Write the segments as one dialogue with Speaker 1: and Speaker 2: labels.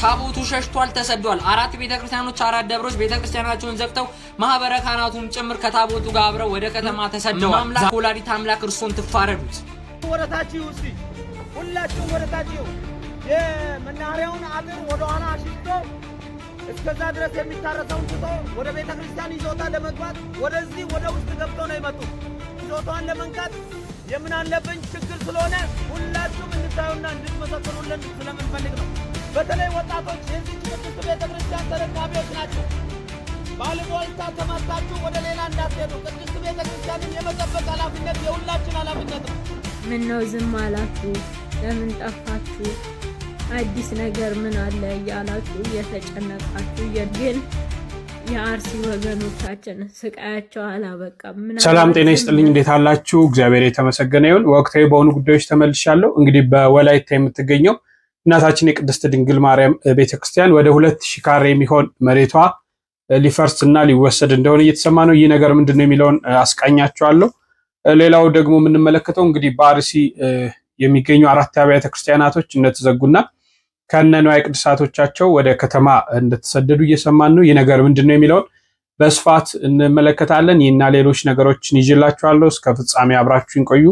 Speaker 1: ታቦቱ ሸሽቷል፣ ተሰዷል። አራት ቤተክርስቲያኖች፣ አራት ደብሮች ቤተክርስቲያናቸውን ዘግተው ማህበረ ካህናቱም ጭምር ከታቦቱ ጋር አብረው ወደ ከተማ ተሰደዋል። አምላክ ወላዲት አምላክ እርሶን ትፋረዱት።
Speaker 2: ወረታችሁ እስቲ ሁላችሁ ወረታችሁ የመናኸሪያውን አጥር ወደኋላ አሽቶ እስከዛ ድረስ የሚታረሰውን ትቶ ወደ ቤተ ክርስቲያን ይዞታ ለመግባት ወደዚህ ወደ ውስጥ ገብቶ ነው የመጡት። ይዞታዋን ለመንካት የምን አለብኝ ችግር ስለሆነ ሁላችሁም እንድታዩና እንድትመሰክሩልን ስለምንፈልግ ነው። በተለይ ወጣቶች የዚህ ቅድስት ቤተ ክርስቲያን ተረካቢዎች ናቸው። ባልቦልታ ተመታችሁ ወደ ሌላ እንዳትሄዱ። ቅድስት ቤተ ክርስቲያንን የመጠበቅ ኃላፊነት የሁላችን ኃላፊነት ነው።
Speaker 3: ምን ነው ዝም አላችሁ? ለምን ጠፋችሁ? አዲስ ነገር ምን አለ እያላችሁ እየተጨነቃችሁ ግን የአርሲ ወገኖቻችን ስቃያቸው አላበቃም።
Speaker 4: ሰላም ጤና ይስጥልኝ። እንዴት አላችሁ? እግዚአብሔር የተመሰገነ ይሁን። ወቅታዊ በሆኑ ጉዳዮች ተመልሻለሁ። እንግዲህ በወላይታ የምትገኘው እናታችን የቅድስት ድንግል ማርያም ቤተክርስቲያን ወደ ሁለት ሺህ ካሬ የሚሆን መሬቷ ሊፈርስ እና ሊወሰድ እንደሆነ እየተሰማ ነው። ይህ ነገር ምንድን ነው የሚለውን አስቃኛቸዋለሁ። ሌላው ደግሞ የምንመለከተው እንግዲህ በአርሲ የሚገኙ አራት አብያተ ክርስቲያናቶች እንደተዘጉና ከነንዋየ ቅድሳቶቻቸው ወደ ከተማ እንደተሰደዱ እየሰማን ነው። ይህ ነገር ምንድን ነው የሚለውን በስፋት እንመለከታለን። ይህና ሌሎች ነገሮችን ይዤላችኋለሁ። እስከ ፍጻሜ አብራችሁን ቆዩ።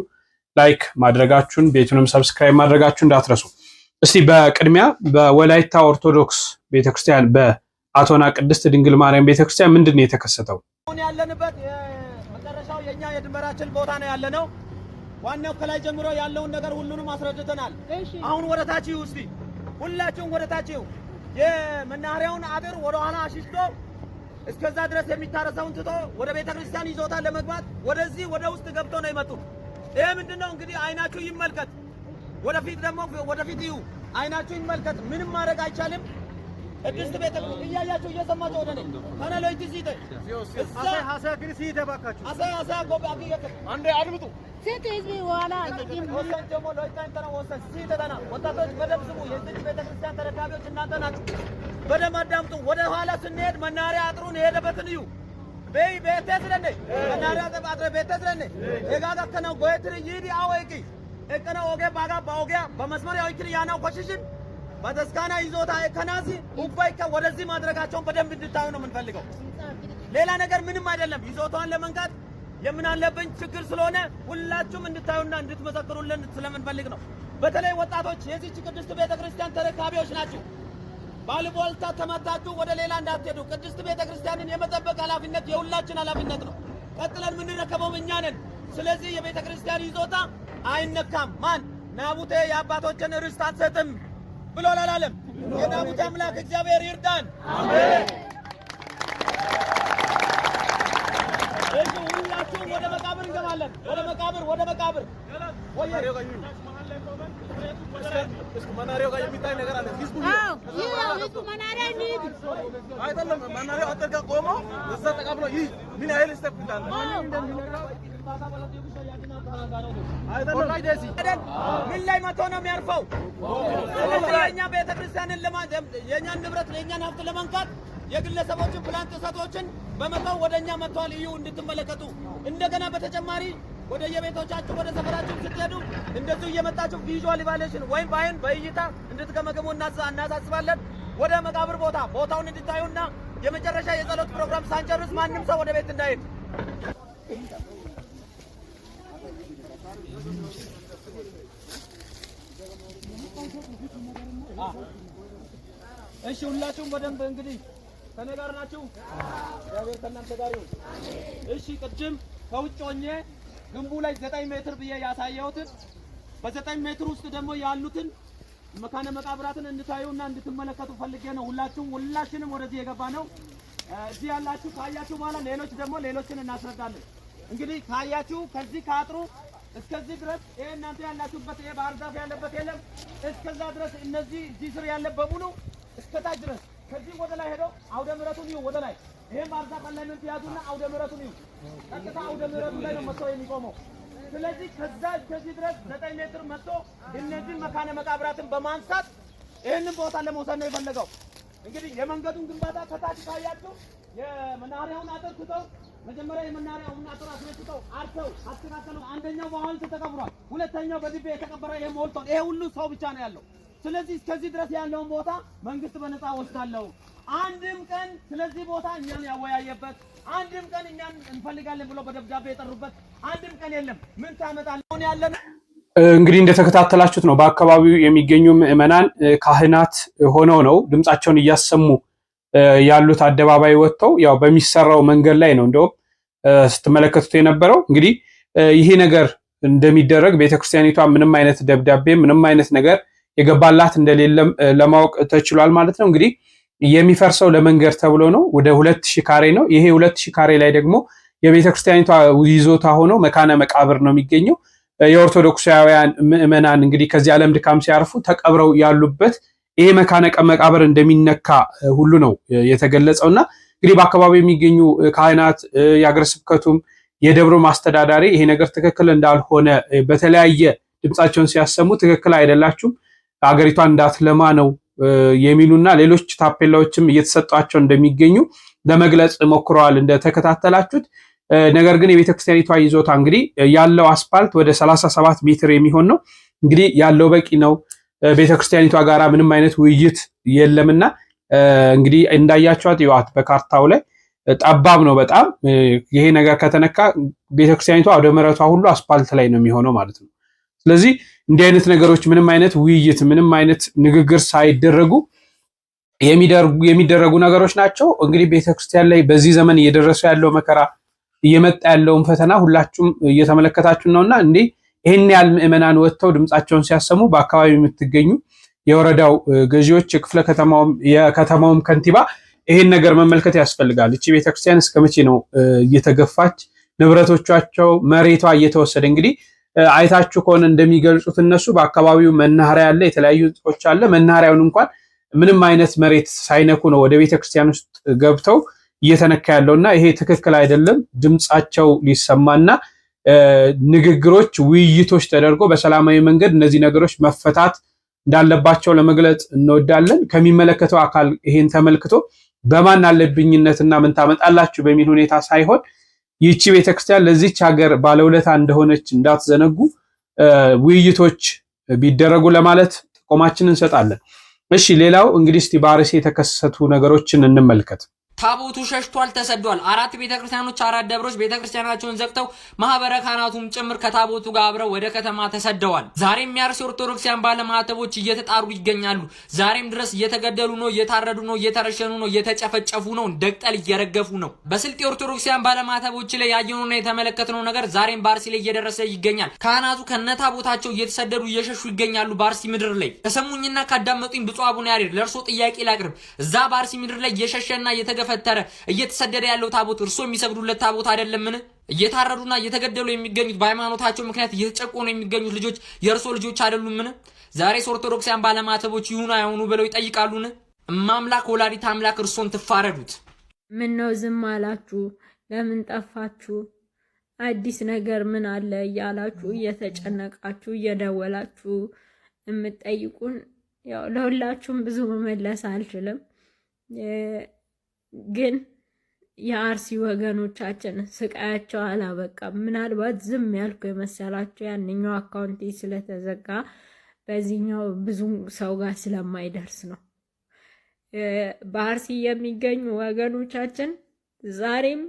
Speaker 4: ላይክ ማድረጋችሁን ቤቱንም ሰብስክራይብ ማድረጋችሁን እንዳትረሱ። እስቲ በቅድሚያ በወላይታ ኦርቶዶክስ ቤተክርስቲያን በአቶና ቅድስት ድንግል ማርያም ቤተክርስቲያን ምንድን ነው የተከሰተው?
Speaker 2: አሁን ያለንበት መጨረሻው የእኛ የድንበራችን ቦታ ነው ያለነው። ዋናው ከላይ ጀምሮ ያለውን ነገር ሁሉንም አስረድተናል። አሁን ወደ ይሁ እስቲ ሁላችሁም ወደ ይሁ የመናኸሪያውን አጥር ወደኋላ አሽሽቶ እስከዛ ድረስ የሚታረሰውን ትቶ ወደ ቤተክርስቲያን ይዞታ ለመግባት ወደዚህ ወደ ውስጥ ገብቶ ነው የመጡት። ይሄ ምንድነው እንግዲህ አይናችሁ ይመልከት። ወደፊት ደግሞ ወደፊት ይዩ፣ አይናችሁ ይመልከት። ምንም ማድረግ አይቻልም። ቅድስት ቤተ እያያችሁ እየሰማችሁ ወደ እኔ እጅ ሲተ ሲተ ጎብ
Speaker 5: አንዴ አድምጡ።
Speaker 3: ሴት ህዝብ በኋላ
Speaker 2: ወሰን ደግሞ ሎይታ ንተና ወሰን ተና ወጣቶች በደንብ ስሙ። የዚች ቤተ ክርስቲያን ተረካቢዎች እናንተ ናችሁ። በደንብ አዳምጡ። ወደ ኋላ ስንሄድ መናሪያ አጥሩን የሄደበትን እዩ በይ ቤቴ ስለነ መናሪያ አጥረ ቤቴ ስለነ የጋጋከና ጎየትር ይዲ አወይቂ እቅነ ኦጌ ባጋ በኦጌያ በመስመር ያዊክል ያናው ኮሽሽን በተስካና ይዞታ ከናዚ ኡባይከ ወደዚህ ማድረጋቸውን በደንብ እንድታዩ ነው የምንፈልገው። ሌላ ነገር ምንም አይደለም። ይዞታዋን ለመንካት የምናለብን ችግር ስለሆነ ሁላችሁም እንድታዩና እንድትመሰክሩልን ስለምንፈልግ ነው። በተለይ ወጣቶች የዚች ቅድስት ቤተ ክርስቲያን ተረካቢዎች ናችሁ። ባልቦልታ ተመታችሁ ወደ ሌላ እንዳትሄዱ። ቅድስት ቤተ ክርስቲያንን የመጠበቅ ኃላፊነት የሁላችን ኃላፊነት ነው። ቀጥለን የምንረከበው እኛ ነን። ስለዚህ የቤተ ክርስቲያን ይዞታ አይነካም። ማን ናቡቴ የአባቶችን ርስት አትሰጥም ብሎ ላላለም። የናቡቴ አምላክ እግዚአብሔር ይርዳን። እሺ፣ ሁላችሁም ወደ መቃብር እንገባለን። ወደ መቃብር፣ ወደ መቃብር
Speaker 5: መናሪያው ጋር የሚታይ ነገር አለ። ምን ያህል ስተፍ እንዳለ
Speaker 2: ምን ላይ መቶ ነው የሚያርፈው? ስለዚህ የእኛ ቤተክርስቲያንን የእኛን ንብረት የእኛን ሀብት ለመንካት የግለሰቦችን ፕላን ጥሰቶችን በመተው ወደ እኛ መጥተዋል። እዩ እንድትመለከቱ። እንደገና በተጨማሪ ወደ የቤቶቻችሁ ወደ ሰፈራችሁ ስትሄዱ እንደዚሁ እየመጣችሁ ቪዥዋል ኢቫሉዌሽን ወይም በአይን በእይታ እንድትገመገሙ እናሳስባለን። ወደ መቃብር ቦታ ቦታውን እንድታዩና የመጨረሻ የጸሎት ፕሮግራም ሳንጨርስ ማንም ሰው ወደ ቤት እንዳይሄድ እሺ፣ ሁላችሁም በደንብ እንግዲህ ከኔ ጋር ናችሁ። እግዚአብሔር ከእናንተ ጋር ይሁን። እሺ፣ ቅድም ከውጭ ሆኜ ግንቡ ላይ ዘጠኝ ሜትር ብዬ ያሳየሁትን በዘጠኝ ሜትር ውስጥ ደግሞ ያሉትን መካነ መቃብራትን እንድታዩና እንድትመለከቱ ፈልጌ ነው። ሁላችሁም ሁላችንም ወደዚህ የገባ ነው። እዚህ ያላችሁ ካያችሁ በኋላ ሌሎች ደግሞ ሌሎችን እናስረዳለን። እንግዲህ ካያችሁ ከዚህ ከአጥሩ እስከዚህ ድረስ ይሄ እናንተ ያላችሁበት ይሄ ባህር ዛፍ ያለበት የለም። እስከዛ ድረስ እነዚህ እዚህ ስር ያለ በሙሉ እስከታች ድረስ ከዚህ ወደ ላይ ሄደው አውደ ምሕረቱን ይሁ ወደ ላይ ይሄን ባህር ዛፍ አላይመንት ያዙና አውደ ምሕረቱን ይሁ ቀጥታ አውደ ምረቱ ላይ ነው መጥተው የሚቆመው። ስለዚህ ከዛ እስከዚህ ድረስ ዘጠኝ ሜትር መጥቶ እነዚህን መካነ መቃብራትን በማንሳት ይህንን ቦታ ለመውሰድ ነው የፈለገው። እንግዲህ የመንገዱን ግንባታ ከታች ካያችሁ የመናኸሪያውን አጥር ትተው መጀመሪያ የመናሪያውን አጥር አስነስተው አርተው አስተካከሉ። አንደኛው በሐውልት ተቀብሯል። ሁለተኛው በዚህ የተቀበረ የሞልቷል። ይሄ ሁሉ ሰው ብቻ ነው ያለው። ስለዚህ እስከዚህ ድረስ ያለውን ቦታ መንግስት በነፃ ወስዳለው። አንድም ቀን ስለዚህ ቦታ እኛን ያወያየበት አንድም ቀን እኛን እንፈልጋለን ብሎ በደብዳቤ የጠሩበት አንድም ቀን የለም። ምን ታመጣለህ ያለን
Speaker 4: እንግዲህ እንደተከታተላችሁት ነው። በአካባቢው የሚገኙ ምዕመናን ካህናት ሆነው ነው ድምፃቸውን እያሰሙ ያሉት አደባባይ ወጥተው ያው በሚሰራው መንገድ ላይ ነው እንደውም ስትመለከቱት የነበረው። እንግዲህ ይሄ ነገር እንደሚደረግ ቤተክርስቲያኒቷ ምንም አይነት ደብዳቤ ምንም አይነት ነገር የገባላት እንደሌለም ለማወቅ ተችሏል ማለት ነው። እንግዲህ የሚፈርሰው ለመንገድ ተብሎ ነው። ወደ ሁለት ሺህ ካሬ ነው። ይሄ ሁለት ሺህ ካሬ ላይ ደግሞ የቤተክርስቲያኒቷ ይዞታ ሆኖ መካነ መቃብር ነው የሚገኘው። የኦርቶዶክሳውያን ምዕመናን እንግዲህ ከዚህ ዓለም ድካም ሲያርፉ ተቀብረው ያሉበት ይሄ መካነ መቃብር እንደሚነካ ሁሉ ነው የተገለጸው እና እንግዲህ በአካባቢ የሚገኙ ካህናት የአገረ ስብከቱም የደብሩ ማስተዳዳሪ ይሄ ነገር ትክክል እንዳልሆነ በተለያየ ድምፃቸውን ሲያሰሙ ትክክል አይደላችሁም፣ አገሪቷን እንዳትለማ ነው የሚሉና ሌሎች ታፔላዎችም እየተሰጧቸው እንደሚገኙ ለመግለጽ ሞክረዋል እንደተከታተላችሁት። ነገር ግን የቤተክርስቲያኒቷ ይዞታ እንግዲህ ያለው አስፓልት ወደ 37 ሜትር የሚሆን ነው። እንግዲህ ያለው በቂ ነው ቤተክርስቲያኒቷ ጋራ ምንም አይነት ውይይት የለምና እንግዲህ እንዳያቸዋት ይዋት በካርታው ላይ ጠባብ ነው በጣም ይሄ ነገር ከተነካ ቤተክርስቲያኒቷ ወደ መረቷ ሁሉ አስፓልት ላይ ነው የሚሆነው ማለት ነው። ስለዚህ እንዲህ አይነት ነገሮች ምንም አይነት ውይይት ምንም አይነት ንግግር ሳይደረጉ የሚደረጉ ነገሮች ናቸው። እንግዲህ ቤተክርስቲያን ላይ በዚህ ዘመን እየደረሰ ያለው መከራ እየመጣ ያለውን ፈተና ሁላችሁም እየተመለከታችሁ ነውና እንዲህ ይህን ያህል ምዕመናን ወጥተው ድምፃቸውን ሲያሰሙ በአካባቢው የምትገኙ የወረዳው ገዢዎች፣ የክፍለ የከተማውም ከንቲባ ይህን ነገር መመልከት ያስፈልጋል። እቺ ቤተክርስቲያን እስከ መቼ ነው እየተገፋች ንብረቶቻቸው መሬቷ እየተወሰደ እንግዲህ አይታችሁ ከሆነ እንደሚገልጹት እነሱ በአካባቢው መናኸሪያ አለ፣ የተለያዩ ህንፃዎች አለ። መናኸሪያውን እንኳን ምንም አይነት መሬት ሳይነኩ ነው ወደ ቤተክርስቲያን ውስጥ ገብተው እየተነካ ያለው እና ይሄ ትክክል አይደለም። ድምፃቸው ሊሰማና ንግግሮች፣ ውይይቶች ተደርጎ በሰላማዊ መንገድ እነዚህ ነገሮች መፈታት እንዳለባቸው ለመግለጽ እንወዳለን። ከሚመለከተው አካል ይሄን ተመልክቶ በማን አለብኝነትና ምን ታመጣላችሁ በሚል ሁኔታ ሳይሆን ይቺ ቤተክርስቲያን ለዚች ሀገር ባለውለታ እንደሆነች እንዳትዘነጉ ውይይቶች ቢደረጉ ለማለት ጥቆማችን እንሰጣለን። እሺ ሌላው እንግዲህ እስቲ በአርሲ የተከሰቱ ነገሮችን እንመልከት።
Speaker 1: ታቦቱ ሸሽቷል፣ ተሰዷል። አራት ቤተክርስቲያኖች፣ አራት ደብሮች ቤተክርስቲያናቸውን ዘግተው ማህበረ ካህናቱም ጭምር ከታቦቱ ጋር አብረው ወደ ከተማ ተሰደዋል። ዛሬም የአርሲ ኦርቶዶክሲያን ባለማዕተቦች እየተጣሩ ይገኛሉ። ዛሬም ድረስ እየተገደሉ ነው፣ እየታረዱ ነው፣ እየተረሸኑ ነው፣ እየተጨፈጨፉ ነው፣ ደቅጠል እየረገፉ ነው። በስልጤ ኦርቶዶክሲያን ባለማዕተቦች ላይ ያየነውና የተመለከትነው ነገር ዛሬም በአርሲ ላይ እየደረሰ ይገኛል። ካህናቱ ከነታቦታቸው እየተሰደዱ እየሸሹ ይገኛሉ። በአርሲ ምድር ላይ ከሰሙኝና ካዳመጡኝ ብፁዕ አቡነ ያሬድ ለእርሶ ጥያቄ ላቅርብ። እዛ በአርሲ ምድር ላይ እየሸሸና እየተገ እየተፈተረ እየተሰደደ ያለው ታቦት እርሶ የሚሰግዱለት ታቦት አይደለምን? እየታረዱና እየተገደሉ የሚገኙት በሃይማኖታቸው ምክንያት እየተጨቆኑ የሚገኙት ልጆች የእርሶ ልጆች አይደሉምን? ዛሬስ ኦርቶዶክሳውያን ባለማተቦች ይሁኑ አይሆኑ ብለው ይጠይቃሉን? እማምላክ ወላዲት አምላክ እርሶን ትፋረዱት።
Speaker 3: ምን ነው ዝም አላችሁ? ለምን ጠፋችሁ? አዲስ ነገር ምን አለ እያላችሁ እየተጨነቃችሁ እየደወላችሁ የምትጠይቁን ያው ለሁላችሁም ብዙ መመለስ አልችልም። ግን የአርሲ ወገኖቻችን ስቃያቸው አላበቃም። ምናልባት ዝም ያልኩ የመሰላቸው ያንኛው አካውንቴ ስለተዘጋ በዚህኛው ብዙ ሰው ጋር ስለማይደርስ ነው። በአርሲ የሚገኙ ወገኖቻችን ዛሬም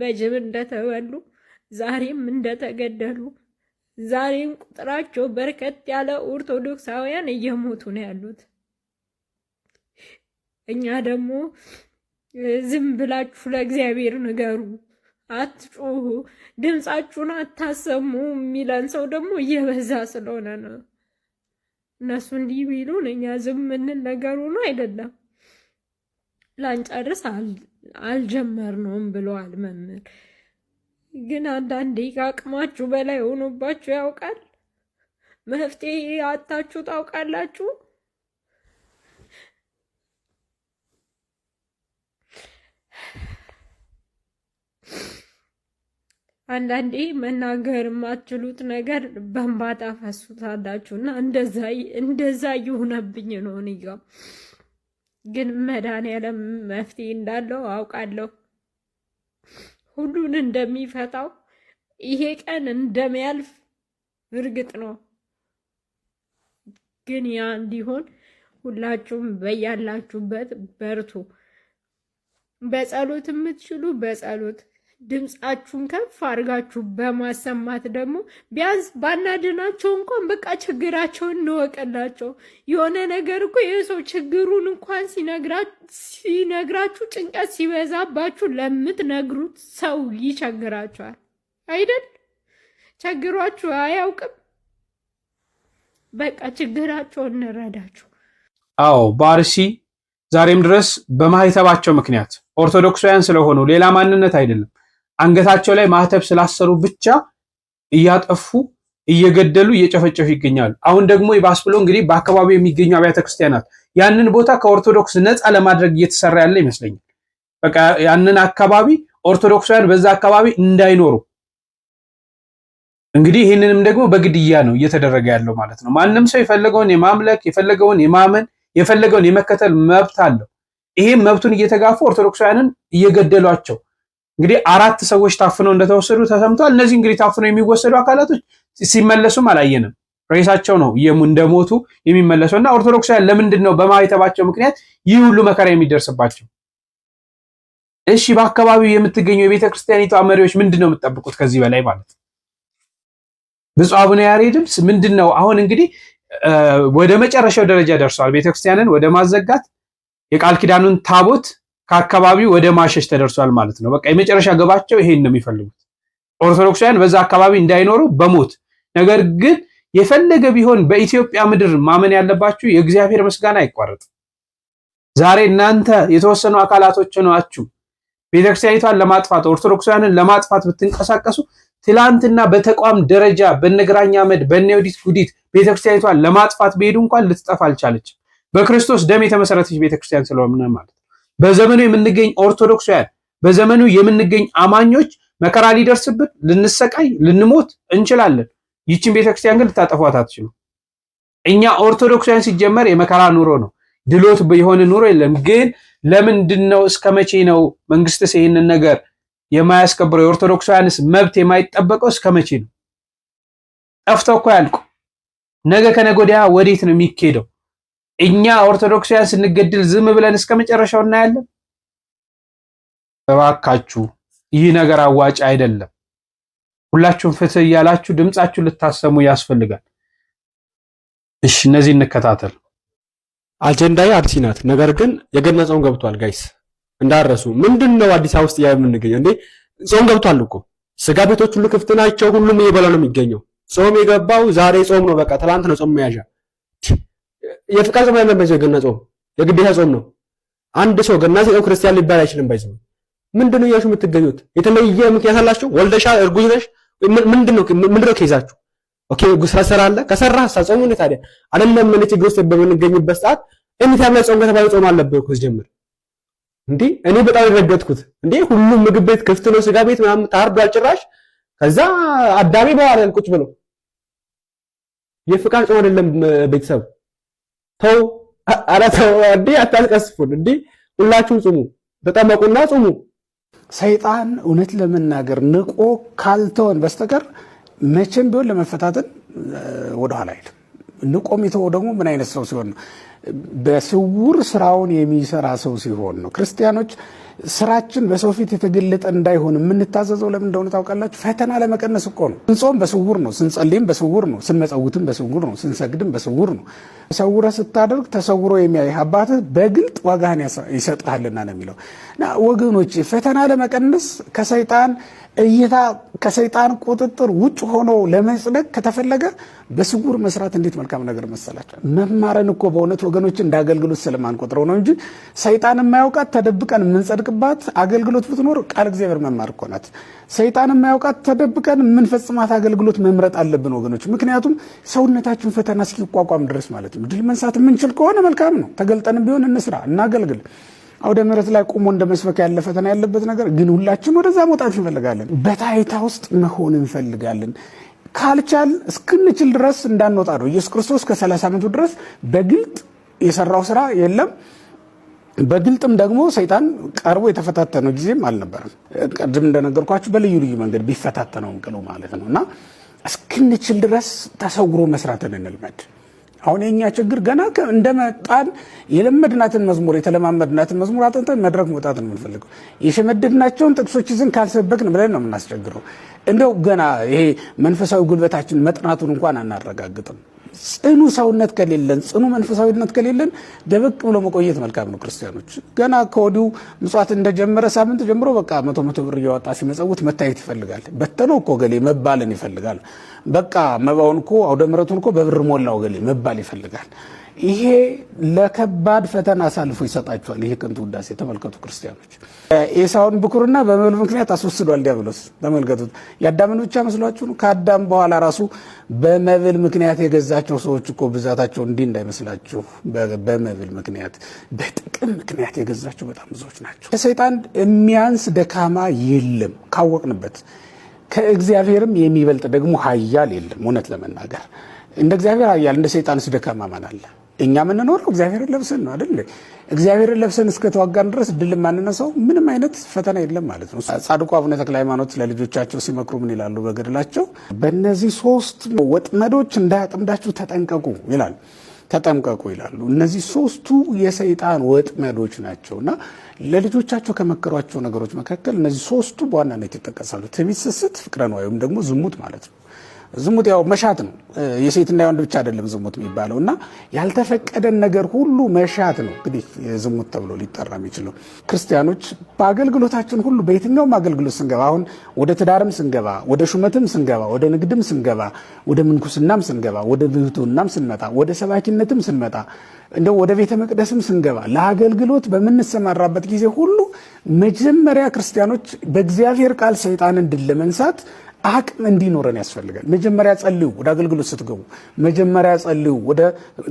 Speaker 3: በጅብ እንደተበሉ፣ ዛሬም እንደተገደሉ፣ ዛሬም ቁጥራቸው በርከት ያለ ኦርቶዶክሳውያን እየሞቱ ነው ያሉት እኛ ደግሞ ዝም ብላችሁ ለእግዚአብሔር ንገሩ፣ አትጩሁ፣ ድምፃችሁን አታሰሙ የሚለን ሰው ደግሞ እየበዛ ስለሆነ ነው። እነሱ እንዲህ ቢሉን እኛ ዝም ምንን ነገሩ ነው አይደለም። ላንጨርስ አልጀመርነውም ብለዋል መምህር። ግን አንዳንዴ ከአቅማችሁ በላይ ሆኖባችሁ ያውቃል። መፍትሄ አታችሁ ታውቃላችሁ። አንዳንዴ መናገር የማትችሉት ነገር በእንባ ታፈሱታላችሁ። እና እንደዛ እየሆነብኝ ነው እኔ ግን መድኃኒዓለም መፍትሄ እንዳለው አውቃለሁ፣ ሁሉን እንደሚፈታው ይሄ ቀን እንደሚያልፍ እርግጥ ነው። ግን ያ እንዲሆን ሁላችሁም በያላችሁበት በርቱ። በጸሎት የምትችሉ በጸሎት ድምፃችሁን ከፍ አድርጋችሁ በማሰማት ደግሞ ቢያንስ ባናድናቸው እንኳን በቃ ችግራቸውን እንወቅላቸው። የሆነ ነገር እኮ ይህ ሰው ችግሩን እንኳን ሲነግራችሁ ጭንቀት ሲበዛባችሁ ለምትነግሩት ሰው ይቸግራችኋል አይደል? ቸግሯችሁ አያውቅም። በቃ ችግራቸውን እንረዳችሁ።
Speaker 4: አዎ ባርሲ ዛሬም ድረስ በማህተባቸው ምክንያት ኦርቶዶክሳውያን ስለሆኑ ሌላ ማንነት አይደለም አንገታቸው ላይ ማህተብ ስላሰሩ ብቻ እያጠፉ እየገደሉ እየጨፈጨፉ ይገኛሉ። አሁን ደግሞ ይባስ ብሎ እንግዲህ በአካባቢው የሚገኙ አብያተ ክርስቲያናት ያንን ቦታ ከኦርቶዶክስ ነፃ ለማድረግ እየተሰራ ያለ ይመስለኛል። በቃ ያንን አካባቢ ኦርቶዶክሳውያን በዛ አካባቢ እንዳይኖሩ እንግዲህ ይህንንም ደግሞ በግድያ ነው እየተደረገ ያለው ማለት ነው። ማንም ሰው የፈለገውን የማምለክ የፈለገውን የማመን የፈለገውን የመከተል መብት አለው። ይሄም መብቱን እየተጋፉ ኦርቶዶክሳውያንን እየገደሏቸው እንግዲህ አራት ሰዎች ታፍነው እንደተወሰዱ ተሰምቷል። እነዚህ እንግዲህ ታፍነው የሚወሰዱ አካላቶች ሲመለሱም አላየንም። ሬሳቸው ነው እንደሞቱ የሚመለሰው እና ኦርቶዶክሳውያን ለምንድን ነው በማይተባቸው ምክንያት ይህ ሁሉ መከራ የሚደርስባቸው? እሺ በአካባቢው የምትገኙ የቤተ ክርስቲያኒቷ መሪዎች ምንድን ነው የምትጠብቁት ከዚህ በላይ ማለት ብፁዕ አቡነ ድምስ ምንድን ነው አሁን እንግዲህ ወደ መጨረሻው ደረጃ ደርሷል። ቤተክርስቲያንን ወደ ማዘጋት የቃል ኪዳኑን ታቦት ከአካባቢው ወደ ማሸሽ ተደርሷል ማለት ነው። በቃ የመጨረሻ ገባቸው ይሄን ነው የሚፈልጉት። ኦርቶዶክሳውያን በዛ አካባቢ እንዳይኖሩ በሞት ነገር ግን የፈለገ ቢሆን በኢትዮጵያ ምድር ማመን ያለባችሁ የእግዚአብሔር ምስጋና አይቋረጥም። ዛሬ እናንተ የተወሰኑ አካላቶች ናችሁ ቤተክርስቲያኒቷን ለማጥፋት ኦርቶዶክሳውያንን ለማጥፋት ብትንቀሳቀሱ ትላንትና በተቋም ደረጃ በነግራኛ መድ በነዮዲት ጉዲት ቤተክርስቲያኒቷን ለማጥፋት ቢሄዱ እንኳን ልትጠፋ አልቻለችም። በክርስቶስ ደም የተመሰረተች ቤተክርስቲያን ስለሆነ ማለት በዘመኑ የምንገኝ ኦርቶዶክሳውያን፣ በዘመኑ የምንገኝ አማኞች መከራ ሊደርስብን፣ ልንሰቃይ፣ ልንሞት እንችላለን። ይችን ቤተክርስቲያን ግን ልታጠፏት አትችሉ። እኛ ኦርቶዶክሳውያን ሲጀመር የመከራ ኑሮ ነው ድሎት የሆነ ኑሮ የለም። ግን ለምንድን ነው እስከ መቼ ነው መንግስትስ ይህንን ነገር የማያስከብረው? የኦርቶዶክሳውያንስ መብት የማይጠበቀው እስከ መቼ ነው? ጠፍተው እኮ ያልቁ። ነገ ከነገ ወዲያ ወዴት ነው የሚኬደው? እኛ ኦርቶዶክሳውያን ስንገድል ዝም ብለን እስከ መጨረሻው እናያለን። እባካችሁ ይህ ነገር አዋጭ አይደለም። ሁላችሁም ፍትህ እያላችሁ ድምጻችሁ ልታሰሙ ያስፈልጋል። እሺ፣ እነዚህ እንከታተል። አጀንዳዬ አርሲ ናት። ነገር ግን የገና ጾም ገብቷል። ጋይስ እንዳረሱ ምንድን ነው አዲስ አበባ ውስጥ የምንገኘው እንዴ? ጾም ገብቷል እኮ ስጋ ቤቶች ሁሉ ክፍት ናቸው። ሁሉም እየበላ ነው የሚገኘው። ጾም የገባው ዛሬ ጾም ነው። በቃ ትላንት ነው ጾም መያዣ የፍቃድ ጾም አይደለም ባይዘው የገና ጾም የግዴታ ጾም ነው። አንድ ሰው ገና ሲጾም ክርስቲያን ሊባል አይችልም። ባይዘው ምንድን ነው የምትገኙት? የተለየ ምክንያት አላችሁ? ወልደሻ እርጉዝ ነሽ። ምንድን ነው ምንድን ነው ከይዛችሁ ኦኬ ስራ ስራ አለ ከሰራ ሀሳብ ጾም ነው ታዲያ አይደለም። ምን ችግር ውስጥ በምንገኝበት ሰዓት እንታም ያለ ጾም ከተባለ ጾም አለበት እኮ ጀምር እንዴ! እኔ በጣም የረገጥኩት እንዴ! ሁሉም ምግብ ቤት ክፍት ነው፣ ስጋ ቤት ምናምን ታርዷል ጭራሽ። ከዛ አዳሜ በኋላ ቁጭ ብሎ የፍቃድ ጾም አይደለም ቤተሰብ ተው አላተው እንዲህ አታስቀስፉን። እንዲህ ሁላችሁ ጽሙ፣ ተጠመቁና ጽሙ።
Speaker 6: ሰይጣን እውነት ለመናገር ንቆ ካልተወን በስተቀር መቼም ቢሆን ለመፈታተን ወደኋላ አይልም። ንቆ የሚተወው ደግሞ ምን አይነት ሰው ሲሆን ነው? በስውር ስራውን የሚሰራ ሰው ሲሆን ነው። ክርስቲያኖች ስራችን በሰው ፊት የተገለጠ እንዳይሆን የምንታዘዘው ለምን እንደሆነ ታውቃላችሁ? ፈተና ለመቀነስ እኮ ነው። ስንጾም በስውር ነው፣ ስንጸልይም በስውር ነው፣ ስንመጸውትም በስውር ነው፣ ስንሰግድም በስውር ነው። ሰውረ ስታደርግ ተሰውሮ የሚያይ አባትህ በግልጥ ዋጋህን ይሰጥሃልና ነው የሚለው እና ወገኖች ፈተና ለመቀነስ ከሰይጣን እይታ ከሰይጣን ቁጥጥር ውጭ ሆኖ ለመጽደቅ ከተፈለገ በስጉር መስራት እንዴት መልካም ነገር መሰላቸው። መማረን እኮ በእውነት ወገኖች እንዳገልግሎት ስለማንቆጥረው ነው እንጂ ሰይጣን የማያውቃት ተደብቀን የምንጸድቅባት አገልግሎት ብትኖር ቃል እግዚአብሔር መማር እኮ ናት። ሰይጣን የማያውቃት ተደብቀን የምንፈጽማት አገልግሎት መምረጥ አለብን ወገኖች። ምክንያቱም ሰውነታችን ፈተና እስኪቋቋም ድረስ ማለት ነው። ድል መንሳት የምንችል ከሆነ መልካም ነው። ተገልጠን ቢሆን እንስራ፣ እናገልግል። አውደ ምሕረት ላይ ቆሞ እንደ መስበክ ያለ ፈተና ያለበት ነገር ግን ሁላችን ወደዛ መውጣት እንፈልጋለን። በታይታ ውስጥ መሆን እንፈልጋለን። ካልቻል እስክንችል ድረስ እንዳንወጣ ነው። ኢየሱስ ክርስቶስ ከ30 ዓመቱ ድረስ በግልጥ የሰራው ስራ የለም። በግልጥም ደግሞ ሰይጣን ቀርቦ የተፈታተነው ጊዜም አልነበረም። ቅድም እንደነገርኳችሁ በልዩ ልዩ መንገድ ቢፈታተነው እንቅሉ ማለት ነው እና እስክንችል ድረስ ተሰውሮ መስራትን እንልመድ። አሁን የኛ ችግር ገና እንደመጣን የለመድናትን መዝሙር የተለማመድናትን መዝሙር አጥንተን መድረክ መውጣት ነው የምንፈልገው። የሸመደድናቸውን ጥቅሶች ይዘን ካልሰበክን ብለን ነው የምናስቸግረው። እንደው ገና ይሄ መንፈሳዊ ጉልበታችን መጥናቱን እንኳን አናረጋግጥም። ጽኑ ሰውነት ከሌለን ጽኑ መንፈሳዊነት ከሌለን ደበቅ ብሎ መቆየት መልካም ነው። ክርስቲያኖች ገና ከወዲሁ ምጽዋት እንደጀመረ ሳምንት ጀምሮ በቃ መቶ መቶ ብር እያወጣ ሲመጸውት መታየት ይፈልጋል። በተነው እኮ ገሌ መባልን ይፈልጋል። በቃ መባውን እኮ አውደ እኮ በብር ሞላው ገሌ መባል ይፈልጋል። ይሄ ለከባድ ፈተና አሳልፎ ይሰጣቸዋል። ይሄ ቅንጡ ውዳሴ ተመልከቱ ክርስቲያኖች። ኤሳውን ብኩርና በመብል ምክንያት አስወስዷል ዲያብሎስ። ተመልከቱት። የአዳምን ብቻ መስሏችሁ ነው? ከአዳም በኋላ ራሱ በመብል ምክንያት የገዛቸው ሰዎች እኮ ብዛታቸው እንዲህ እንዳይመስላችሁ። በመብል ምክንያት፣ በጥቅም ምክንያት የገዛቸው በጣም ብዙዎች ናቸው። ከሰይጣን የሚያንስ ደካማ የለም ካወቅንበት ከእግዚአብሔርም የሚበልጥ ደግሞ ኃያል የለም። እውነት ለመናገር እንደ እግዚአብሔር ኃያል እንደ ሰይጣንስ ደካማ ማን አለ? እኛ የምንኖረው እግዚአብሔርን ለብሰን ነው አይደል? እግዚአብሔርን ለብሰን እስከተዋጋን ድረስ ድል የማንነሳው ምንም አይነት ፈተና የለም ማለት ነው። ጻድቁ አቡነ ተክለ ሃይማኖት ለልጆቻቸው ሲመክሩ ምን ይላሉ? በገድላቸው በእነዚህ ሶስት ወጥመዶች እንዳያጥምዳችሁ ተጠንቀቁ ይላል ተጠንቀቁ ይላሉ። እነዚህ ሶስቱ የሰይጣን ወጥመዶች ናቸው እና ለልጆቻቸው ከመከሯቸው ነገሮች መካከል እነዚህ ሶስቱ በዋናነት ይጠቀሳሉ። ትዕቢት፣ ስስት፣ ፍቅረ ንዋይ ወይም ደግሞ ዝሙት ማለት ነው። ዝሙት ያው መሻት ነው። የሴትና የወንድ ብቻ አይደለም ዝሙት የሚባለው እና ያልተፈቀደን ነገር ሁሉ መሻት ነው እንግዲህ ዝሙት ተብሎ ሊጠራ የሚችለው። ክርስቲያኖች በአገልግሎታችን ሁሉ በየትኛውም አገልግሎት ስንገባ፣ አሁን ወደ ትዳርም ስንገባ፣ ወደ ሹመትም ስንገባ፣ ወደ ንግድም ስንገባ፣ ወደ ምንኩስናም ስንገባ፣ ወደ ብህትውናም ስንመጣ፣ ወደ ሰባኪነትም ስንመጣ፣ እንደ ወደ ቤተ መቅደስም ስንገባ፣ ለአገልግሎት በምንሰማራበት ጊዜ ሁሉ መጀመሪያ ክርስቲያኖች በእግዚአብሔር ቃል ሰይጣንን ድል ለመንሳት አቅም እንዲኖረን ያስፈልጋል። መጀመሪያ ጸልዩ፣ ወደ አገልግሎት ስትገቡ መጀመሪያ ጸልዩ፣ ወደ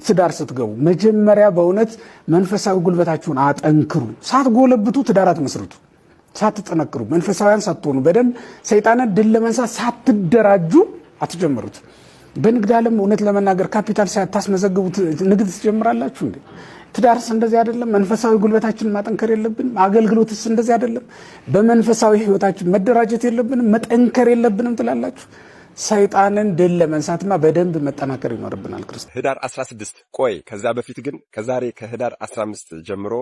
Speaker 6: ትዳር ስትገቡ መጀመሪያ በእውነት መንፈሳዊ ጉልበታችሁን አጠንክሩ። ሳትጎለብቱ ትዳር አትመስርቱ። ሳትጠነክሩ መንፈሳውያን ሳትሆኑ በደንብ ሰይጣንን ድል ለመንሳት ሳትደራጁ አትጀምሩት። በንግድ ዓለም እውነት ለመናገር ካፒታል ሳታስመዘግቡት ንግድ ትጀምራላችሁ እንዴ? ትዳርስ እንደዚህ አይደለም? መንፈሳዊ ጉልበታችንን ማጠንከር የለብንም? አገልግሎትስ እንደዚህ አይደለም? በመንፈሳዊ ህይወታችን መደራጀት የለብንም? መጠንከር የለብንም ትላላችሁ? ሰይጣንን ድል ለመንሳትማ በደንብ መጠናከር ይኖርብናል። ክርስቶስ
Speaker 7: ህዳር 16 ቆይ፣ ከዛ በፊት ግን ከዛሬ ከህዳር 15 ጀምሮ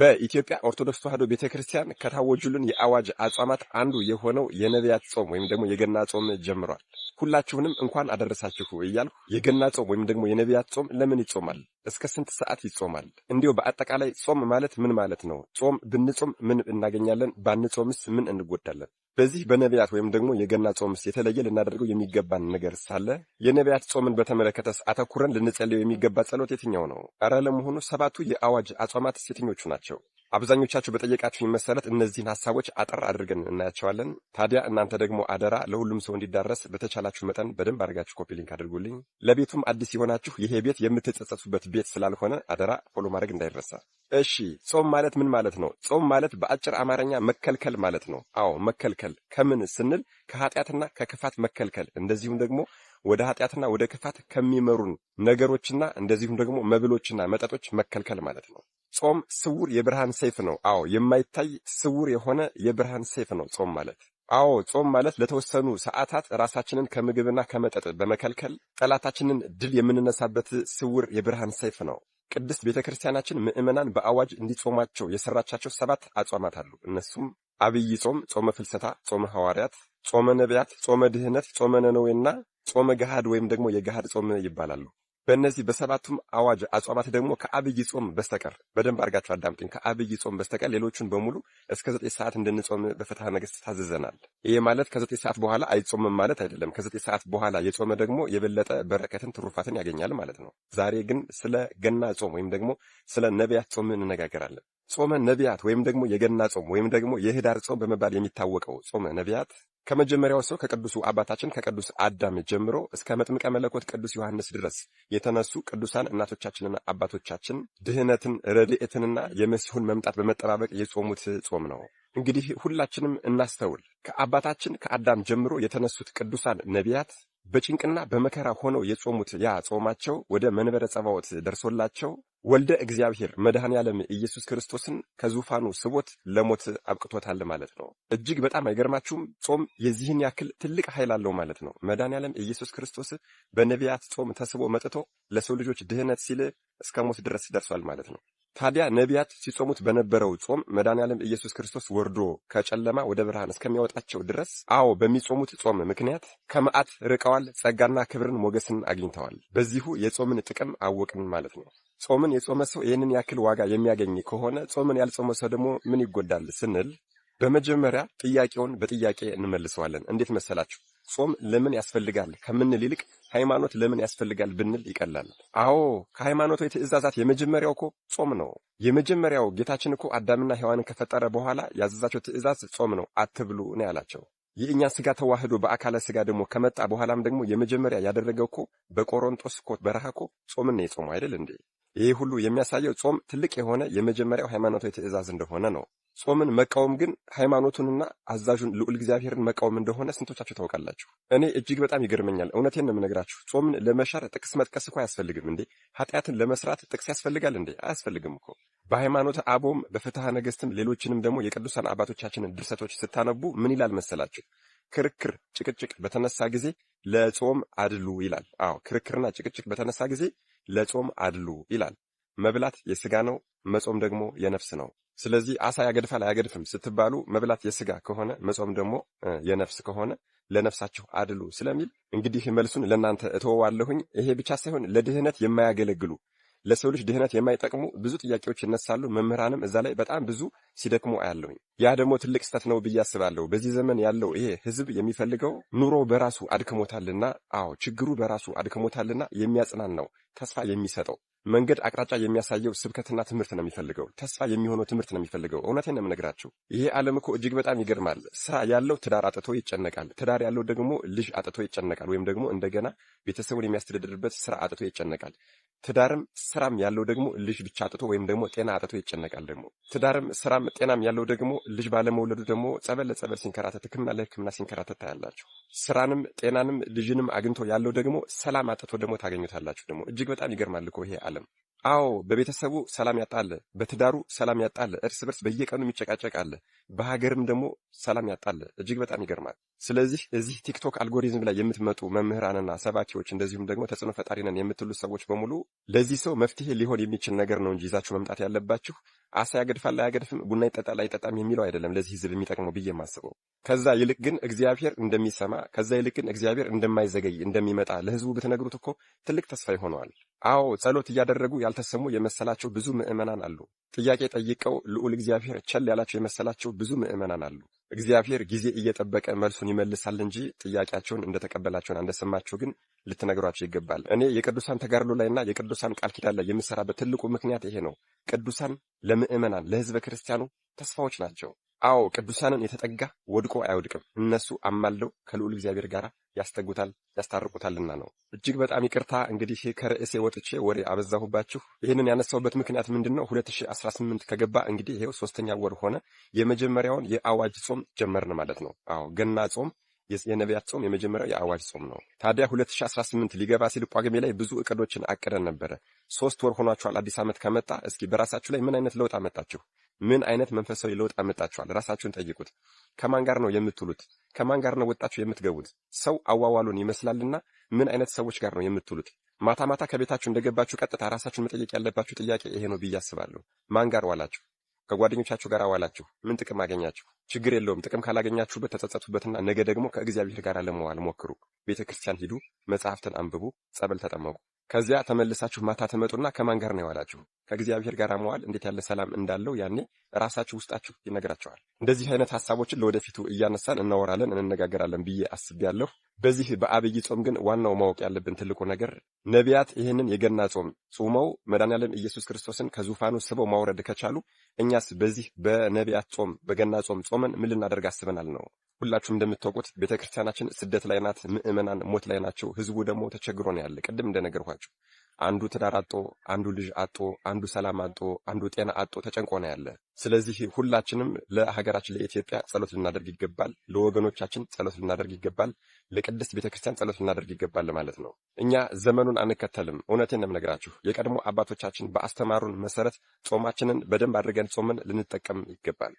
Speaker 7: በኢትዮጵያ ኦርቶዶክስ ተዋሕዶ ቤተ ክርስቲያን ከታወጁልን የአዋጅ አጽዋማት አንዱ የሆነው የነቢያት ጾም ወይም ደግሞ የገና ጾም ጀምሯል። ሁላችሁንም እንኳን አደረሳችሁ እያልኩ የገና ጾም ወይም ደግሞ የነቢያት ጾም ለምን ይጾማል? እስከ ስንት ሰዓት ይጾማል? እንዲሁ በአጠቃላይ ጾም ማለት ምን ማለት ነው? ጾም ብንጾም ምን እናገኛለን? ባንጾምስ ምን እንጎዳለን? በዚህ በነቢያት ወይም ደግሞ የገና ጾምስ የተለየ ልናደርገው የሚገባን ነገር ሳለ የነቢያት ጾምን በተመለከተስ አተኩረን ልንጸልየው የሚገባ ጸሎት የትኛው ነው? አረ ለመሆኑ ሰባቱ የአዋጅ አጽዋማትስ የትኞቹ ናቸው? አብዛኞቻችሁ በጠየቃችሁኝ መሰረት እነዚህን ሀሳቦች አጠር አድርገን እናያቸዋለን። ታዲያ እናንተ ደግሞ አደራ ለሁሉም ሰው እንዲዳረስ በተቻላችሁ መጠን በደንብ አድርጋችሁ ኮፒ ሊንክ አድርጉልኝ። ለቤቱም አዲስ የሆናችሁ ይሄ ቤት የምትጸጸቱበት ቤት ስላልሆነ አደራ ፎሎ ማድረግ እንዳይረሳ። እሺ፣ ጾም ማለት ምን ማለት ነው? ጾም ማለት በአጭር አማርኛ መከልከል ማለት ነው። አዎ መከልከል። ከምን ስንል ከኃጢአትና ከክፋት መከልከል እንደዚሁም ደግሞ ወደ ኃጢአትና ወደ ክፋት ከሚመሩን ነገሮችና እንደዚሁም ደግሞ መብሎችና መጠጦች መከልከል ማለት ነው። ጾም ስውር የብርሃን ሰይፍ ነው። አዎ የማይታይ ስውር የሆነ የብርሃን ሰይፍ ነው ጾም ማለት። አዎ ጾም ማለት ለተወሰኑ ሰዓታት ራሳችንን ከምግብና ከመጠጥ በመከልከል ጠላታችንን ድል የምንነሳበት ስውር የብርሃን ሰይፍ ነው። ቅድስት ቤተ ክርስቲያናችን ምእመናን በአዋጅ እንዲጾማቸው የሰራቻቸው ሰባት አጽዋማት አሉ። እነሱም አብይ ጾም፣ ጾመ ፍልሰታ፣ ጾመ ሐዋርያት፣ ጾመ ነቢያት፣ ጾመ ድህነት፣ ጾመ ነነዌና ጾመ ገሃድ ወይም ደግሞ የገሃድ ጾም ይባላሉ። በእነዚህ በሰባቱም አዋጅ አጽዋማት ደግሞ ከአብይ ጾም በስተቀር በደንብ አድርጋችሁ አዳምጡኝ። ከአብይ ጾም በስተቀር ሌሎቹን በሙሉ እስከ ዘጠኝ ሰዓት እንድንጾም በፍትሐ ነገሥት ታዘዘናል። ይህ ማለት ከዘጠኝ ሰዓት በኋላ አይጾምም ማለት አይደለም። ከዘጠኝ ሰዓት በኋላ የጾመ ደግሞ የበለጠ በረከትን ትሩፋትን ያገኛል ማለት ነው። ዛሬ ግን ስለ ገና ጾም ወይም ደግሞ ስለ ነቢያት ጾም እንነጋገራለን። ጾመ ነቢያት ወይም ደግሞ የገና ጾም ወይም ደግሞ የህዳር ጾም በመባል የሚታወቀው ጾመ ነቢያት ከመጀመሪያው ሰው ከቅዱሱ አባታችን ከቅዱስ አዳም ጀምሮ እስከ መጥምቀ መለኮት ቅዱስ ዮሐንስ ድረስ የተነሱ ቅዱሳን እናቶቻችንና አባቶቻችን ድህነትን፣ ረድኤትንና የመሲሁን መምጣት በመጠባበቅ የጾሙት ጾም ነው። እንግዲህ ሁላችንም እናስተውል። ከአባታችን ከአዳም ጀምሮ የተነሱት ቅዱሳን ነቢያት በጭንቅና በመከራ ሆነው የጾሙት ያ ጾማቸው ወደ መንበረ ጸባዖት ደርሶላቸው ወልደ እግዚአብሔር መድኃኔ ዓለም ኢየሱስ ክርስቶስን ከዙፋኑ ስቦት ለሞት አብቅቶታል ማለት ነው። እጅግ በጣም አይገርማችሁም? ጾም የዚህን ያክል ትልቅ ኃይል አለው ማለት ነው። መድኃኔ ዓለም ኢየሱስ ክርስቶስ በነቢያት ጾም ተስቦ መጥቶ ለሰው ልጆች ድህነት ሲል እስከ ሞት ድረስ ደርሷል ማለት ነው። ታዲያ ነቢያት ሲጾሙት በነበረው ጾም መድኃኔዓለም ኢየሱስ ክርስቶስ ወርዶ ከጨለማ ወደ ብርሃን እስከሚያወጣቸው ድረስ፣ አዎ በሚጾሙት ጾም ምክንያት ከመዓት ርቀዋል፣ ጸጋና ክብርን ሞገስን አግኝተዋል። በዚሁ የጾምን ጥቅም አወቅን ማለት ነው። ጾምን የጾመ ሰው ይህንን ያክል ዋጋ የሚያገኝ ከሆነ ጾምን ያልጾመ ሰው ደግሞ ምን ይጎዳል ስንል በመጀመሪያ ጥያቄውን በጥያቄ እንመልሰዋለን። እንዴት መሰላችሁ? ጾም ለምን ያስፈልጋል ከምንል ይልቅ ሃይማኖት ለምን ያስፈልጋል ብንል ይቀላል። አዎ ከሃይማኖታዊ ትእዛዛት የመጀመሪያው እኮ ጾም ነው። የመጀመሪያው ጌታችን እኮ አዳምና ሔዋንን ከፈጠረ በኋላ ያዘዛቸው ትእዛዝ ጾም ነው፣ አትብሉ ነው ያላቸው። የእኛ ስጋ ተዋህዶ በአካለ ስጋ ደግሞ ከመጣ በኋላም ደግሞ የመጀመሪያ ያደረገው እኮ በቆሮንጦስ እኮ በረሃ እኮ ጾምን ነው የጾሙ አይደል እንዴ? ይህ ሁሉ የሚያሳየው ጾም ትልቅ የሆነ የመጀመሪያው ሃይማኖታዊ ትእዛዝ እንደሆነ ነው። ጾምን መቃወም ግን ሃይማኖቱንና አዛዡን ልዑል እግዚአብሔርን መቃወም እንደሆነ ስንቶቻችሁ ታውቃላችሁ? እኔ እጅግ በጣም ይገርመኛል። እውነቴን ነው የምነግራችሁ። ጾምን ለመሻር ጥቅስ መጥቀስ እኮ አያስፈልግም እንዴ! ኃጢአትን ለመስራት ጥቅስ ያስፈልጋል እንዴ? አያስፈልግም እኮ። በሃይማኖተ አቦም በፍትሐ ነገሥትም ሌሎችንም ደግሞ የቅዱሳን አባቶቻችንን ድርሰቶች ስታነቡ ምን ይላል መሰላችሁ? ክርክር ጭቅጭቅ በተነሳ ጊዜ ለጾም አድሉ ይላል። አዎ ክርክርና ጭቅጭቅ በተነሳ ጊዜ ለጾም አድሉ ይላል። መብላት የስጋ ነው፣ መጾም ደግሞ የነፍስ ነው። ስለዚህ አሳ ያገድፋል አያገድፍም ስትባሉ መብላት የስጋ ከሆነ መጾም ደግሞ የነፍስ ከሆነ ለነፍሳችሁ አድሉ ስለሚል እንግዲህ መልሱን ለእናንተ እተወዋለሁኝ። ይሄ ብቻ ሳይሆን ለድህነት የማያገለግሉ ለሰው ልጅ ድህነት የማይጠቅሙ ብዙ ጥያቄዎች ይነሳሉ። መምህራንም እዛ ላይ በጣም ብዙ ሲደክሙ አያለሁኝ። ያ ደግሞ ትልቅ ስህተት ነው ብዬ አስባለሁ። በዚህ ዘመን ያለው ይሄ ህዝብ የሚፈልገው ኑሮ በራሱ አድክሞታልና፣ አዎ ችግሩ በራሱ አድክሞታልና የሚያጽናን ነው ተስፋ የሚሰጠው መንገድ አቅጣጫ የሚያሳየው ስብከትና ትምህርት ነው የሚፈልገው። ተስፋ የሚሆነው ትምህርት ነው የሚፈልገው። እውነቴን ነው የምነግራችሁ። ይሄ ዓለም እኮ እጅግ በጣም ይገርማል። ስራ ያለው ትዳር አጥቶ ይጨነቃል። ትዳር ያለው ደግሞ ልጅ አጥቶ ይጨነቃል። ወይም ደግሞ እንደገና ቤተሰቡን የሚያስተዳድርበት ስራ አጥቶ ይጨነቃል። ትዳርም ስራም ያለው ደግሞ ልጅ ብቻ አጥቶ ወይም ደግሞ ጤና አጥቶ ይጨነቃል። ደግሞ ትዳርም ስራም ጤናም ያለው ደግሞ ልጅ ባለመውለዱ ደግሞ ጸበል ለጸበል ሲንከራተት፣ ሕክምና ለሕክምና ሲንከራተት ታያላችሁ። ስራንም ጤናንም ልጅንም አግኝቶ ያለው ደግሞ ሰላም አጥቶ ደግሞ ታገኙታላችሁ። ደግሞ እጅግ በጣም ይገርማል እኮ ይሄ ዓለም። አዎ በቤተሰቡ ሰላም ያጣለ፣ በትዳሩ ሰላም ያጣለ፣ እርስ በርስ በየቀኑ የሚጨቃጨቃለ፣ በሀገርም ደግሞ ሰላም ያጣለ። እጅግ በጣም ይገርማል። ስለዚህ እዚህ ቲክቶክ አልጎሪዝም ላይ የምትመጡ መምህራንና ሰባኪዎች እንደዚሁም ደግሞ ተጽዕኖ ፈጣሪ ነን የምትሉ ሰዎች በሙሉ ለዚህ ሰው መፍትሄ ሊሆን የሚችል ነገር ነው እንጂ ይዛችሁ መምጣት ያለባችሁ አሳ ያገድፋል አያገድፍም፣ ቡና ይጠጣል አይጠጣም የሚለው አይደለም ለዚህ ህዝብ የሚጠቅመው ብዬ የማስበው። ከዛ ይልቅ ግን እግዚአብሔር እንደሚሰማ ከዛ ይልቅ ግን እግዚአብሔር እንደማይዘገይ እንደሚመጣ ለህዝቡ ብትነግሩት እኮ ትልቅ ተስፋ ይሆነዋል። አዎ ጸሎት እያደረጉ ያልተሰሙ የመሰላቸው ብዙ ምዕመናን አሉ። ጥያቄ ጠይቀው ልዑል እግዚአብሔር ቸል ያላቸው የመሰላቸው ብዙ ምዕመናን አሉ። እግዚአብሔር ጊዜ እየጠበቀ መልሱን ይመልሳል እንጂ ጥያቄያቸውን እንደተቀበላቸውና እንደሰማቸው ግን ልትነግሯቸው ይገባል። እኔ የቅዱሳን ተጋድሎ ላይና የቅዱሳን ቃል ኪዳን ላይ የምሰራበት ትልቁ ምክንያት ይሄ ነው። ቅዱሳን ለምእመናን ለሕዝበ ክርስቲያኑ ተስፋዎች ናቸው። አዎ ቅዱሳንን የተጠጋ ወድቆ አይወድቅም። እነሱ አማለው ከልዑል እግዚአብሔር ጋር ያስተጉታል ያስታርቁታልና ነው። እጅግ በጣም ይቅርታ እንግዲህ ከርዕሴ ወጥቼ ወሬ አበዛሁባችሁ። ይህንን ያነሳሁበት ምክንያት ምንድን ነው? 2018 ከገባ እንግዲህ ይሄው ሶስተኛ ወር ሆነ። የመጀመሪያውን የአዋጅ ጾም ጀመርን ማለት ነው። አዎ ገና ጾም የነቢያት ጾም የመጀመሪያው የአዋጅ ጾም ነው። ታዲያ 2018 ሊገባ ሲል ጳጉሜ ላይ ብዙ እቅዶችን አቅደን ነበረ። ሶስት ወር ሆኗችኋል። አዲስ ዓመት ከመጣ እስኪ በራሳችሁ ላይ ምን አይነት ለውጥ አመጣችሁ? ምን አይነት መንፈሳዊ ለውጥ አመጣችኋል? ራሳችሁን ጠይቁት። ከማን ጋር ነው የምትውሉት? ከማን ጋር ነው ወጣችሁ የምትገቡት? ሰው አዋዋሉን ይመስላልና ምን አይነት ሰዎች ጋር ነው የምትውሉት? ማታ ማታ ከቤታችሁ እንደገባችሁ ቀጥታ ራሳችሁን መጠየቅ ያለባችሁ ጥያቄ ይሄ ነው ብዬ አስባለሁ። ማን ጋር ዋላችሁ? ከጓደኞቻችሁ ጋር አዋላችሁ ምን ጥቅም አገኛችሁ? ችግር የለውም። ጥቅም ካላገኛችሁበት ተጸጸቱበትና ነገ ደግሞ ከእግዚአብሔር ጋር ለመዋል ሞክሩ። ቤተ ክርስቲያን ሂዱ፣ መጽሐፍትን አንብቡ፣ ጸበል ተጠመቁ። ከዚያ ተመልሳችሁ ማታ ትመጡና ከማን ጋር ነው የዋላችሁ? ከእግዚአብሔር ጋር መዋል እንዴት ያለ ሰላም እንዳለው ያኔ ራሳችሁ ውስጣችሁ ይነግራቸዋል። እንደዚህ አይነት ሀሳቦችን ለወደፊቱ እያነሳን እናወራለን፣ እንነጋገራለን ብዬ አስቤያለሁ። በዚህ በአብይ ጾም ግን ዋናው ማወቅ ያለብን ትልቁ ነገር ነቢያት ይህንን የገና ጾም ጾመው መድኃኔዓለም ኢየሱስ ክርስቶስን ከዙፋኑ ስበው ማውረድ ከቻሉ እኛስ በዚህ በነቢያት ጾም በገና ጾም ጾመን ምን ልናደርግ አስበናል ነው? ሁላችሁም እንደምታውቁት ቤተክርስቲያናችን ስደት ላይ ናት። ምእመናን ሞት ላይ ናቸው። ህዝቡ ደግሞ ተቸግሮ ነው ያለ። ቅድም እንደነገርኳችሁ ናቸው። አንዱ ትዳር አጦ፣ አንዱ ልጅ አጦ፣ አንዱ ሰላም አጦ፣ አንዱ ጤና አጦ ተጨንቆ ነው ያለ። ስለዚህ ሁላችንም ለሀገራችን ለኢትዮጵያ ጸሎት ልናደርግ ይገባል። ለወገኖቻችን ጸሎት ልናደርግ ይገባል። ለቅድስት ቤተ ክርስቲያን ጸሎት ልናደርግ ይገባል ማለት ነው። እኛ ዘመኑን አንከተልም። እውነቴን ነው የምነግራችሁ። የቀድሞ አባቶቻችን በአስተማሩን መሰረት ጾማችንን በደንብ አድርገን ጾምን ልንጠቀም ይገባል።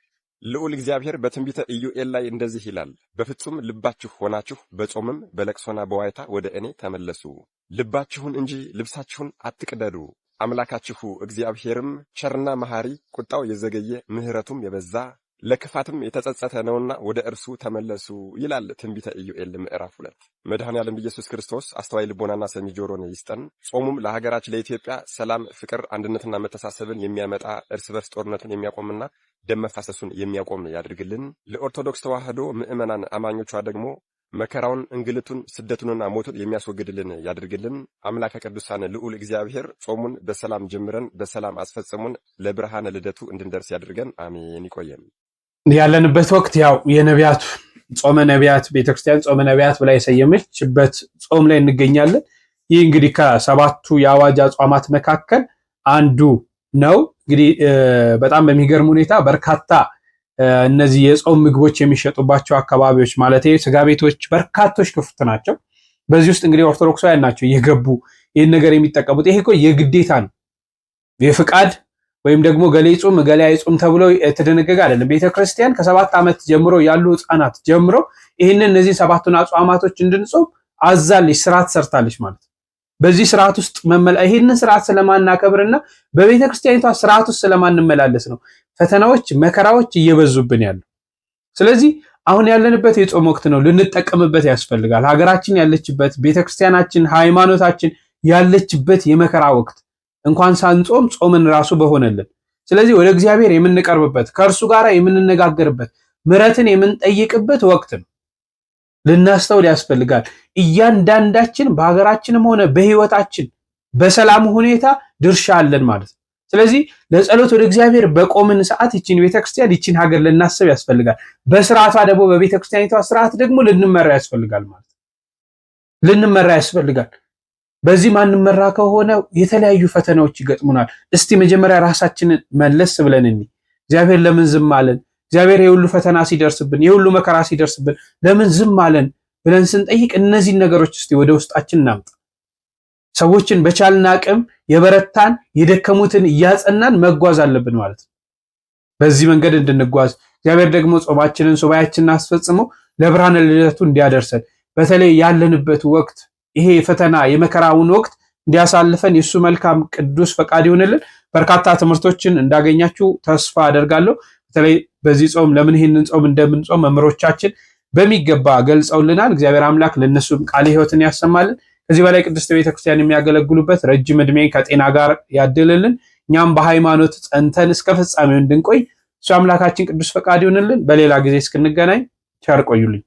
Speaker 7: ልዑል እግዚአብሔር በትንቢተ ኢዩኤል ላይ እንደዚህ ይላል፣ በፍጹም ልባችሁ ሆናችሁ በጾምም በለቅሶና በዋይታ ወደ እኔ ተመለሱ፣ ልባችሁን እንጂ ልብሳችሁን አትቅደዱ። አምላካችሁ እግዚአብሔርም ቸርና መሐሪ፣ ቁጣው የዘገየ ምሕረቱም የበዛ ለክፋትም የተጸጸተ ነውና ወደ እርሱ ተመለሱ ይላል ትንቢተ ኢዩኤል ምዕራፍ ሁለት መድኃኔዓለም ኢየሱስ ክርስቶስ አስተዋይ ልቦናና ሰሚ ጆሮን ይስጠን። ጾሙም ለሀገራችን ለኢትዮጵያ ሰላም፣ ፍቅር፣ አንድነትና መተሳሰብን የሚያመጣ እርስ በርስ ጦርነቱን የሚያቆምና ደም መፋሰሱን የሚያቆም ያድርግልን። ለኦርቶዶክስ ተዋህዶ ምዕመናን አማኞቿ ደግሞ መከራውን እንግልቱን ስደቱንና ሞቱን የሚያስወግድልን ያድርግልን። አምላከ ቅዱሳን ልዑል እግዚአብሔር ጾሙን በሰላም ጀምረን በሰላም አስፈጽሙን ለብርሃነ ልደቱ እንድንደርስ ያድርገን። አሜን። ይቆየን። ያለንበት ወቅት ያው የነቢያቱ ጾመ ነቢያት ቤተክርስቲያን ጾመ ነቢያት ብላ የሰየመችበት ጾም ላይ እንገኛለን። ይህ እንግዲህ ከሰባቱ የአዋጅ አጽዋማት መካከል አንዱ ነው። እንግዲህ በጣም በሚገርም ሁኔታ በርካታ እነዚህ የጾም ምግቦች የሚሸጡባቸው አካባቢዎች ማለት ስጋ ቤቶች በርካቶች ክፍት ናቸው። በዚህ ውስጥ እንግዲህ ኦርቶዶክሳውያን ናቸው የገቡ ይህን ነገር የሚጠቀሙት። ይሄ እኮ የግዴታ ነው የፍቃድ ወይም ደግሞ ገሌ ይጹም ገሌ አይጹም ተብሎ የተደነገገ አይደለም። ቤተክርስቲያን ከሰባት ዓመት ጀምሮ ያሉ ህፃናት ጀምሮ ይህንን እነዚህ ሰባቱን አጽዋማቶች እንድንጾም አዛለች፣ ስርዓት ሰርታለች ማለት ነው። በዚህ ስርዓት ውስጥ መመላ ይህንን ስርዓት ስለማናከብርና በቤተክርስቲያኒቷ ስርዓት ውስጥ ስለማንመላለስ ነው ፈተናዎች፣ መከራዎች እየበዙብን ያሉ። ስለዚህ አሁን ያለንበት የጾም ወቅት ነው፣ ልንጠቀምበት ያስፈልጋል። ሀገራችን ያለችበት ቤተክርስቲያናችን፣ ሃይማኖታችን ያለችበት የመከራ ወቅት እንኳን ሳንጾም ጾምን ራሱ በሆነልን። ስለዚህ ወደ እግዚአብሔር የምንቀርብበት ከእርሱ ጋር የምንነጋገርበት ምረትን የምንጠይቅበት ወቅት ነው። ልናስተውል ያስፈልጋል። እያንዳንዳችን በሀገራችንም ሆነ በሕይወታችን በሰላም ሁኔታ ድርሻ አለን ማለት ነው። ስለዚህ ለጸሎት ወደ እግዚአብሔር በቆምን ሰዓት ይችን ቤተክርስቲያን ይችን ሀገር ልናስብ ያስፈልጋል። በስርዓቷ ደግሞ በቤተክርስቲያኒቷ ስርዓት ደግሞ ልንመራ ያስፈልጋል ማለት ነው። ልንመራ ያስፈልጋል። በዚህ ማንመራ ከሆነ የተለያዩ ፈተናዎች ይገጥሙናል። እስቲ መጀመሪያ ራሳችንን መለስ ብለን እኒ እግዚአብሔር ለምን ዝም አለን? እግዚአብሔር የሁሉ ፈተና ሲደርስብን፣ የሁሉ መከራ ሲደርስብን ለምን ዝም አለን ብለን ስንጠይቅ እነዚህን ነገሮች እስቲ ወደ ውስጣችን እናምጣ። ሰዎችን በቻልን አቅም የበረታን የደከሙትን እያጸናን መጓዝ አለብን ማለት ነው። በዚህ መንገድ እንድንጓዝ እግዚአብሔር ደግሞ ጾማችንን ሱባኤያችንን አስፈጽሞ ለብርሃነ ልደቱ እንዲያደርሰን በተለይ ያለንበት ወቅት ይሄ የፈተና የመከራውን ወቅት እንዲያሳልፈን የእሱ መልካም ቅዱስ ፈቃድ ይሆንልን። በርካታ ትምህርቶችን እንዳገኛችሁ ተስፋ አደርጋለሁ። በተለይ በዚህ ጾም ለምን ይህንን ጾም እንደምንጾም መምህሮቻችን በሚገባ ገልጸውልናል። እግዚአብሔር አምላክ ለእነሱም ቃለ ሕይወትን ያሰማልን። ከዚህ በላይ ቅድስት ቤተክርስቲያን የሚያገለግሉበት ረጅም እድሜ ከጤና ጋር ያድልልን። እኛም በሃይማኖት ጸንተን እስከ ፍጻሜው እንድንቆይ እሱ አምላካችን ቅዱስ ፈቃድ ይሆንልን። በሌላ ጊዜ እስክንገናኝ ቸር ቆዩልኝ።